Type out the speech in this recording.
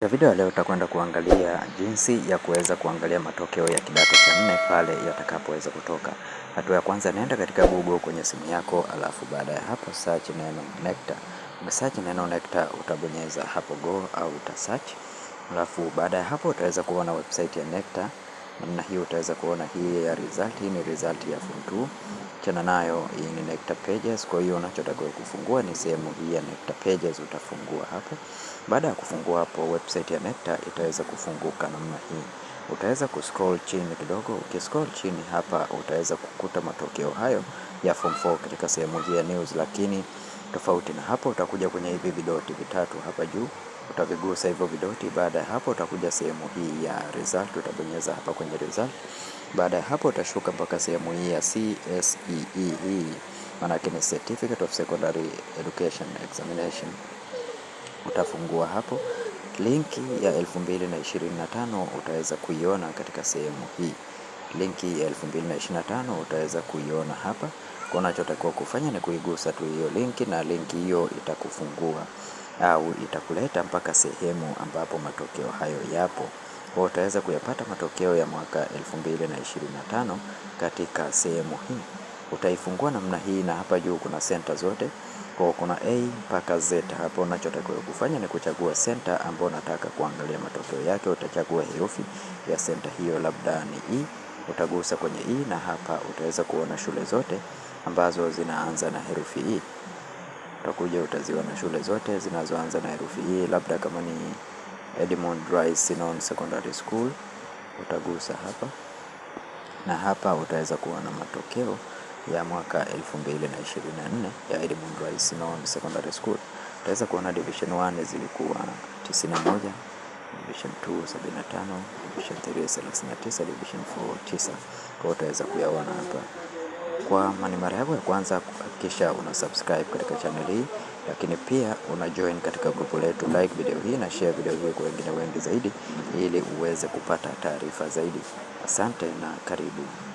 Katika video ya leo tutakwenda kuangalia jinsi ya kuweza kuangalia matokeo ya kidato cha nne pale yatakapoweza kutoka. Hatua ya kwanza, nenda katika Google kwenye simu yako, alafu baada ya hapo search neno NECTA. Search neno NECTA utabonyeza hapo go au uta search. Alafu baada ya hapo utaweza kuona website ya NECTA. Namna hii utaweza kuona hii ya result, hii ni result ya form 2. Utakutana nayo hii ni Nectar Pages. Kwa hiyo unachotakiwa kufungua ni sehemu hii ya Nectar Pages, utafungua hapo. Baada ya kufungua hapo, website ya Nectar itaweza kufunguka namna hii. Utaweza kuscroll chini kidogo, ukiscroll chini hapa utaweza kukuta matokeo hayo ya form 4 katika sehemu hii ya news, lakini tofauti na hapo, utakuja kwenye hivi vidoti vitatu hapa juu utavigusa hivyo vidoti. Baada ya hapo, utakuja sehemu hii ya result, utabonyeza hapa kwenye result. Baada ya hapo utashuka mpaka sehemu hii ya CSEE, maanake ni Certificate of Secondary Education Examination. Utafungua hapo linki ya 2025 utaweza kuiona katika sehemu hii. Linki ya 2025 utaweza kuiona hapa. Unachotakiwa kufanya ni kuigusa tu hiyo linki, na linki hiyo itakufungua au itakuleta mpaka sehemu ambapo matokeo hayo yapo. Kwa utaweza kuyapata matokeo ya mwaka 2025 katika sehemu hii. Utaifungua namna hii na hapa juu kuna senta zote. Kwa kuna A mpaka Z. Hapo unachotakiwa kufanya ni kuchagua senta ambayo unataka kuangalia matokeo yake. Utachagua herufi ya senta hiyo, labda ni E. Utagusa kwenye E na hapa utaweza kuona shule zote ambazo zinaanza na herufi E. Utakuja utaziona shule zote zinazoanza na herufi E, labda kama ni Edmond Rice Sinon Secondary School, utagusa hapa na hapa utaweza kuona matokeo ya mwaka 2024 ya Edmond Rice Sinon Secondary School. Utaweza kuona division 1 zilikuwa 91, division 2 75, division 3 39, division 4 9. Kwa utaweza kuyaona hapa kwa mara yako ya kwanza, kuhakikisha una subscribe katika channel hii, lakini pia una join katika grupu letu, like video hii na share video hii kwa wengine wengi zaidi, ili uweze kupata taarifa zaidi. Asante na karibu.